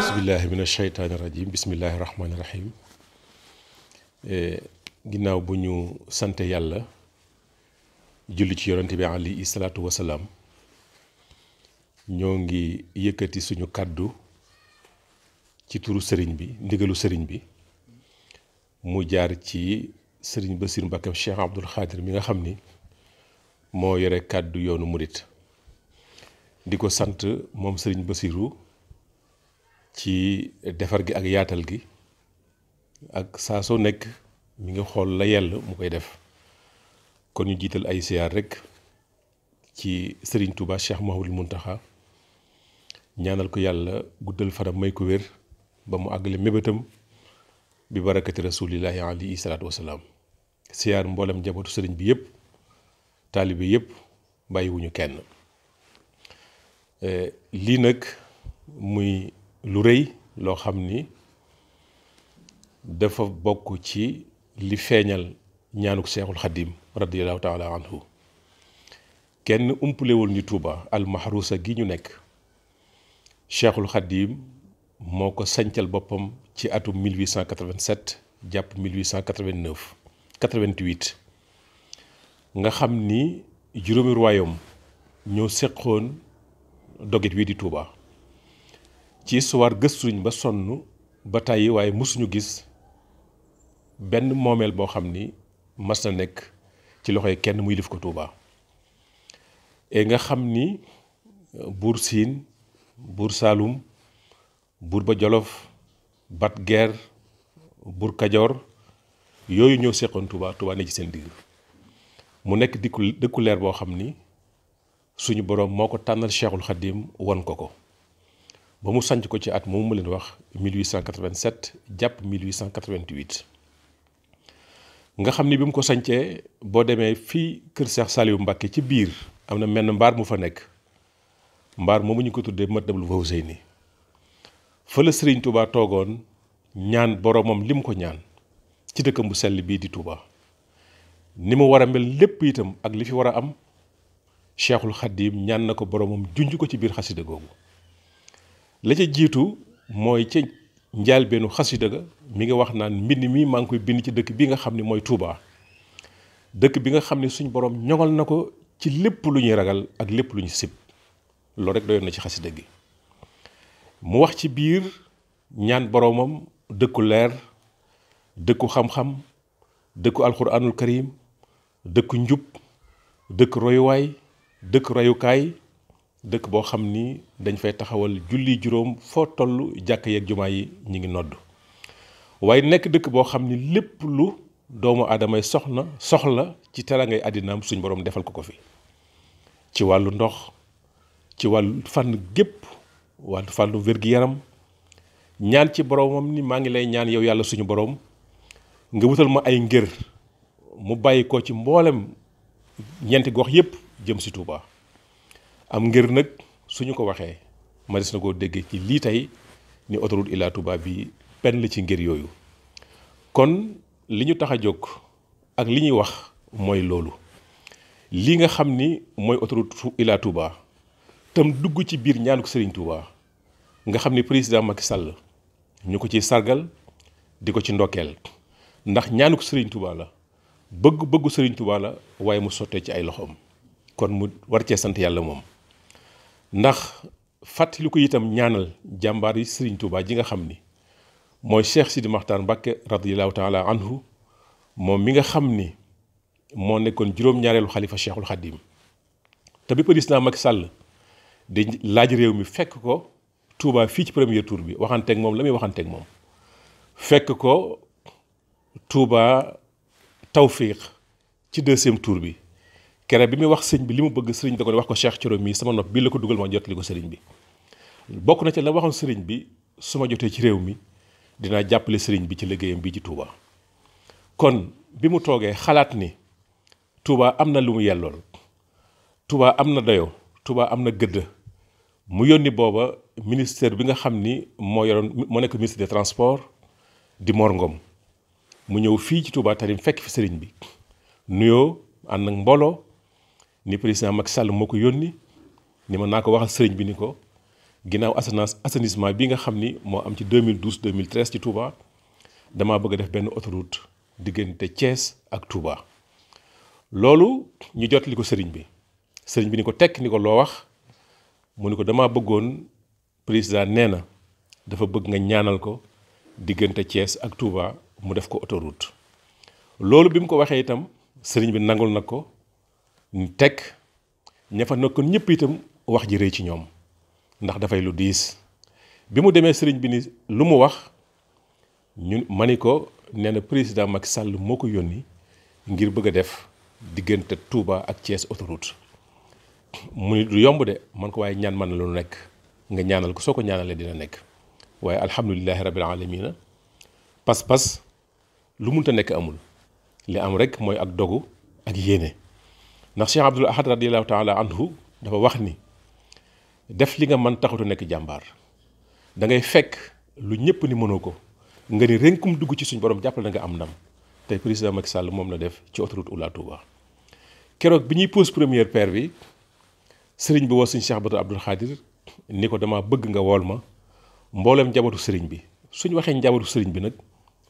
bismillahi min asheytaani rajim ginnaaw bu ñu sante yàlla julli ci yonent bi alayhi salaatu wasalaam ñoo ngi yëkkati suñu kàddu ci turu sëriñ bi ndigalu sëriñ bi mu jaar ci sëriñ Bassirou Mbacké Cheikh Abdoul Khadir mi nga xam ni moo yore kàddu yoonu murit di ko sant moom sëriñ Bassirou ci defar gi ak yaatal gi ak saa soo nekk mi ngi xool la yàlla mu koy def kon ñu jiital ay siyaar rek ci sëriñ Touba Cheikh Mouhamadul Mountakha ñaanal ko yàlla guddal faram may ko wér ba mu àggale mébétam bi barakati rasulillahi alayhi salaatu wasalaam siyaar mboolem njabootu sëriñ bi yëpp taalibe yépp bàyyiwuñu kenn eh, lii nag muy lu rëy loo xam ni dafa bokk ci li feeñal ñaanuk seexul xadim radiallahu taala anhu kenn umpalewul ni tuuba almahrusa gi ñu nekk cheikhul xadim moo ko sancal boppam ci atum 1887 jàpp 1889 88 nga xam ni juróomi royaume ñoo seqoon dogit wii di Touba ci histoire gëstuñ ba sonn ba tàyyi waaye mosuñu gis benn moomeel boo xam ni mas na nekk ci loxo yi kenn muy lif ko Touba e nga xam ni buur Siin buur Saalum buur ba Jolof bat Geer buur Kajoor yooyu ñoo seqoon Touba Touba ne ci seen digg mu nekk dikku dëkku leer boo xam ni suñu borom moo ko tànnal Cheikhul Khadim won ko ko ba mu sanc ko ci at moom ma leen wax 1887 jàpp 1888 nga xam ni bi mu ko sancee boo demee fii kër Cheikh Saliou Mbacke ci biir am na menn mbaar mu fa nekk mbaar moomu ñu ko tuddee ma Matlaboul Fawzayni fa la sëriñ Touba toogoon ñaan li mu ko ñaan. ci dëkkam bu sell bii di Touba ni mu war a mel lépp itam ak li fi war a am cheikhul xaddim ñaan na ko boromam junj ko ci biir xasida googu la ca jiitu mooy ca njaal bennu xasida ga mi ngi wax naan mbind mi maa ngi bind ci dëkk bi nga xam ne mooy Touba dëkk bi nga xam ne suñ boroom ñoŋal na ko ci lépp lu ñuy ragal ak lépp lu ñu sib loolu rek doyoon na ci xasida gi mu wax ci biir ñaan boroomam dëkku leer dëkku xam-xam dëkku alxuraanul karim dëkku njub dëkk royuwaay dëkk royukaay dëkk boo xam ni dañ fay taxawal julli juróom foo toll jàkk yeeg jumaa yi ñu ngi nodd waaye nekk dëkk boo xam ni lépp lu doomu aadamay soxna soxla ci terangay àddinaam suñ borom defal ko ko fi ci wàllu ndox ci wàllu fànn gépp wàllu fànnu wér-gi-yaram ñaan ci boromam ni maa ngi lay ñaan yow yàlla suñu boroom nga wutal ma ay ngër mu bàyyi ko ci mboolem ñeenti gox yépp jëm si Touba am ngër nag suñu ko waxee ma des na koo déggee ci lii tey ni autoroute illaa Touba bi pen la ci ngër yooyu kon li ñu tax a jóg ak li ñuy wax mooy loolu li nga xam ni mooy autoroute illaa Touba tam dugg ci biir ñaanu ko Serigne Touba nga xam ni président Macky Sall ñu ko ci sargal di ko ci ndokkeel ndax ñaanu ko Serigne Touba la bëgg bëggu Serigne Touba la waaye mu sottee ci ay loxoom kon mu war cee sant yàlla moom ndax fàttali ko itam ñaanal jàmbaar yi Serigne Touba ji nga xam ni mooy Cheikh Sidi Makhtar Mbacke radiyallahu taala anhu moom mi nga xam ni moo nekkoon juróom-ñaareelu xalifa Cheikhul Khadim te bi naa mag sàll di laaj réew mi fekk ko Touba fii ci premier tour bi waxanteek moom la muy waxanteeg moom fekk ko Touba Tawfiq ci deuxième tour bi kere bi muy wax sëñ bi li mu bëgg sëriñ da ko wax ko Cheikh Thioro mii sama nopp bii la ko dugal ma jotali ko sëriñ bi bokk na ci la waxoon sëriñ bi su ma jotee ci réew mi dinaa jàppale sëriñ bi ci liggéeyam bii ci Touba kon bi mu toogee xalaat ni Touba am na lu mu yellool Touba am na dayo Touba am na gëdd mu yónni booba ministère bi nga xam ni moo yoroon moo nekk ministre des di Mor Ngom mu ñëw fii ci Touba Tarim fekk fi sëriñ bi nuyoo ànd ak mbooloo ni président Macky Sall moo ko yónni ni ma naa ko waxal sëriñ bi ni ko ginnaaw assainisse assainissement bi nga xam ni moo am ci 2012 2013 ci Touba damaa bëgg a def benn autoroute diggante cees ak Touba. loolu ñu jot li ko sëriñ bi sëriñ bi ni ko tekk ni ko loo wax mu ni ko damaa bëggoon président nee na dafa bëgg nga ñaanal ko diggante Thiès ak Touba. mu def ko autoroute loolu bi mu ko waxee itam sëriñ bi nangul na ko teg ña fa nekkoon ñëpp itam wax ji rëy ci ñoom ndax dafay lu diis bi mu demee sëriñ bi ni lu mu wax ñu ma ni ko nee na président Macky Sall moo ko yónni ngir bëgg a def diggante Touba ak Thiès autoroute mu ni du yomb de man ko waaye ñaan man na lu nekk nga ñaanal ko soo ko ñaanalee dina nekk waaye alhamdulilahi rabbil alamina pas-pas lu munta nekk amul li am rek mooy ak dogu ak yéene ndax Cheikh Abdoul Ahad radiallahu taala anhu dafa wax ni def li nga man taxatu nekk jàmbaar dangay fekk lu ñëpp ni mënoo ko nga ni rénkum dugg ci suñ borom jàppale na nga am ndam te président Macky Sall moom la def ci autoroute Oula Touba keroog bi ñuy pose première pierre bi sëriñ bi woo suñ Cheikh Badou Abdoul Khadir ni ko dama bëgg nga wool ma mboolem njabootu sëriñ bi suñ waxee njabootu sëriñ bi nag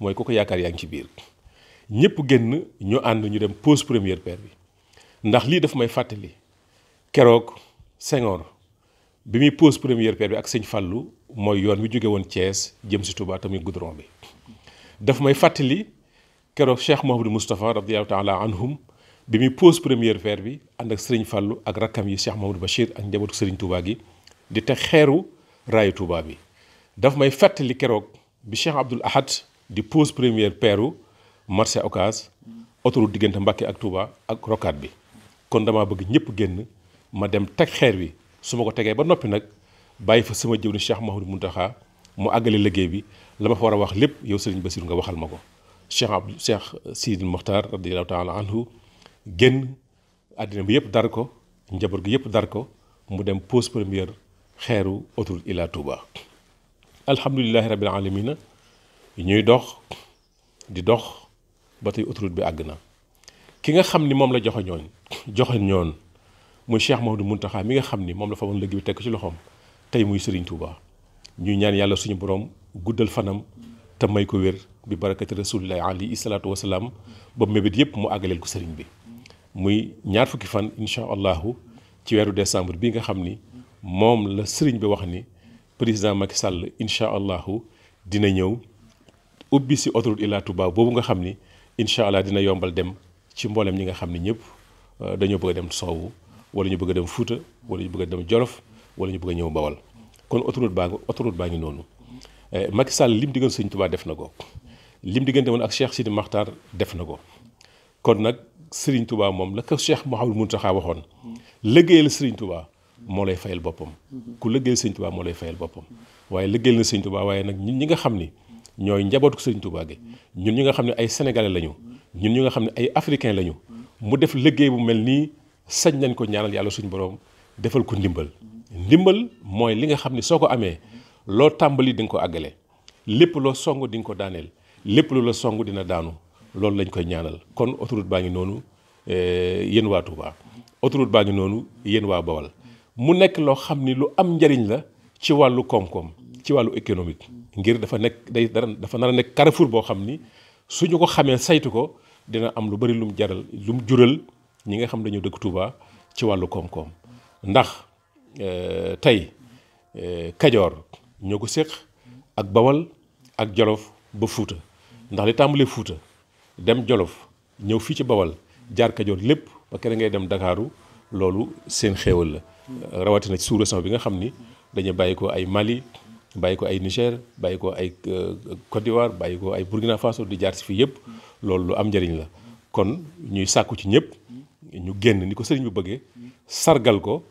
mooy ku ko yaakaar yaa ngi ci biir ñëpp génn ñu ànd ñu dem pose première pair bi ndax lii dafa may fàttali keroog Senghor bi muy pose première pierre bi ak sëñ Fallou mooy yoon wi jóge woon cees jëm si Touba tamit goudron bi daf may fàttali keroog Cheikh Mouhamadou Moustapha radiyallahu taala anhum bi muy pose première pierre bi ànd ak sëriñ Fallou ak rakkam yi Cheikh Mouhamadou Bachir ak njabootu sëriñ Touba gi di te xeeru raayu Touba bi daf may fàttali keroog bi Cheikh Abdoul Ahad di pose première peeru marché Ocass autoroute diggante Mbacké ak Touba ak rocade bi kon damaa bëgg ñëpp génn ma dem teg xeer wi su ma ko tegee ba noppi nag bàyyi fa sama jëwriñ Cheikh Mouhamadou Mountakha mu àggale liggéey bi la ma fa war a wax lépp yow Serigne Bassirou nga waxal ma ko Cheikh Abdou Cheikh Sidil Mokhtar radiyallahu taala anhu génn àddina bi yëpp dar ko njaboot gi yëpp dar ko mu dem pose première xeeru oto ila Touba alhamdulilahi rabbil alamina ñuy dox di dox ba tey autoroute bi àgg na ki nga xam ni moom la joxe ñooñ joxe ñoon muy du Mouhamadou Mountakha mi nga xam ni moom la fa woon bi teg ci loxoom tey muy Serigne Touba ñuy ñaan yàlla suñu borom guddal fanam te may ko wér bi barakati rasulillahi alayhi salaatu wasalaam ba mébét yëpp mu àggaleel ko Serigne bi muy ñaar fukki fan incha allahu ci weeru décembre bi nga xam ni moom la Serigne bi wax ni président Macky Sall incha allahu dina ñëw. ubbi si autoroute Ila Touba boobu nga xam ni incha allah dina yombal dem ci mboolem ñi nga xam ni ñëpp euh, dañoo bëgg dem soowu wala ñu bëgg a dem Fuuta wala ñu bëgg dem Jolof wala ñu bëgg a ñëw Bawal kon autoroute baa autoroute baa ngi noonu euh, Macky Sall lim diggoon Sëñ Touba def na ko lim diggante woon ak Cheikh Sidi Makhtar def na ko kon nag Serigne Touba moom la ko Cheikh Mouhamadou Mountakha waxoon liggéeyal Serigne Touba moo lay fayal boppam ku liggéeyal Sëñ Touba moo lay fayal boppam waaye liggéeyal na Sëñ ñooy njabootu Serigne Touba gi ñun ñi nga xam ne ay sénégalais lañu ñun ñi nga xam ne ay africain lañu mu def liggéey bu mel nii sañ nañ ko ñaanal yàlla suñu borom defal ko ndimbal ndimbal mooy li nga xam ne soo ko amee loo tàmbali di nga ko àggale lépp loo song di nga ko daaneel lépp lu la songu dina daanu loolu lañ koy ñaanal kon autoroute baa ngi noonu eh, yéen waa Touba autoroute baa ngi noonu yéen waa Bawal mu nekk loo xam ni lu am njariñ la ci wàllu koom ci wàllu économique ngir dafa nekk day dara dafa nar a nekk carrefour boo xam ni suñu ko xamee saytu ko dina am lu bari lum jaral lum jural ñi nga xam dañoo dëkk Touba ci wàllu koom-koom ndax euh, tey euh, Kajoor ñoo ko séq ak Bawal ak Jolof ba Fuuta ndax li tàmbalee Fuuta dem Jolof ñëw fii ci Bawal jaar Kajoor lépp ba keneen ngay dem dakaaru loolu seen xéewal la rawatina ci sous bi nga xam ni dañu bàyyi ko ay Mali bàyyi ko ay Niger bàyyi ko ay euh, euh, Côte d'Ivoire bàyyi ko ay Burkina Faso di jaar si fii yëpp loolu lu am njëriñ la kon ñuy sàkku ci ñëpp ñu génn ni ko sëriñ bi bëggee sargal ko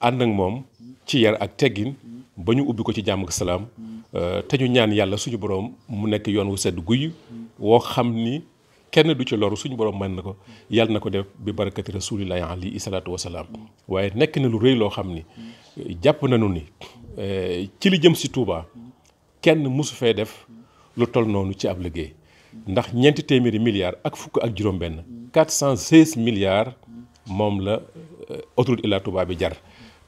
ànd ak moom ci yar ak teggin ba ñu ubbi ko ci jàmm ak salaam euh, te ñu ñaan yàlla suñu borom mu nekk yoon wu sedd guy woo xam ni kenn du ci loru suñu borom mën na ko yàlla na ko def bi barakati rasulillahi alayhi salaatu wasalaam waaye nekk na lu rëy loo xam ni jàpp nañu ni eh, ci li jëm si Touba kenn mosu fee def lu tol noonu ci ab liggéey ndax ñeenti téeméeri milliards ak fukk ak juróom-benn 416 milliards moom la eh, autoroute Ila Touba bi jar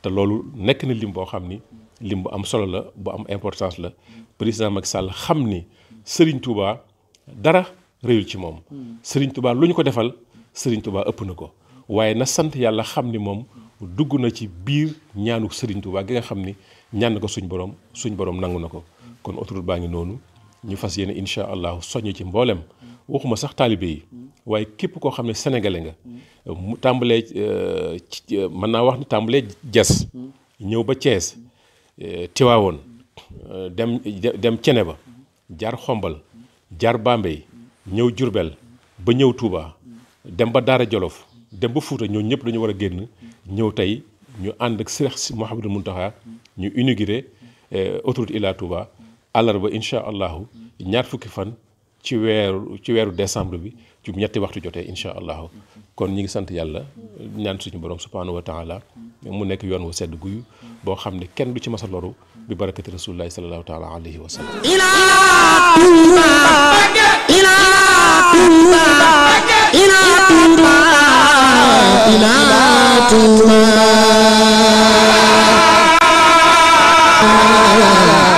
te loolu nekk na lim boo xam ni lim bu am solo la bu am importance la président mag Sall xam ni Serigne Touba dara réyul ci moom. Hmm. Serigne Touba lu ñu ko defal Serigne Touba ëpp na ko waaye na sant yàlla xam ni moom. dugg na ci biir ñaanu Serigne Touba gi nga xam ni ñaan na ko suñ borom suñ borom nangu na ko kon autoroute baa ngi noonu ñu fas yéene incha allah soññ ci mboolem waxuma sax taalibe yi waaye képp koo xam ne sénégalais nga mu tàmbalee ci euh, mën naa wax ni tàmbalee jas ñëw ba Thiès euh, Tiwaawoon euh, dem dem cene ba jaar xombal jaar Bambey ñëw Jurbel ba ñëw tuubaa dem ba Daara Jolof dem ba Fuuta ñoo ñëpp dañu war a génn ñëw tey ñu ànd ak Seex Mouhamadou Mountakha ñu inauguré eh, autoroute Ila Touba àllarba incha allahu ñaar fukki fan ci weeru ci weeru décembre bi ci ñetti waxtu jotee incha allahu kon ñi ngi sant yàlla ñaan suñu borom subhaanahu wa taala mu nekk yoon wu sedd guyu boo xam ne kenn du ci masa loru bi barakati rasulillahi sallallahu taala alayhi wa sallam ila Touba ila Touba إلهكما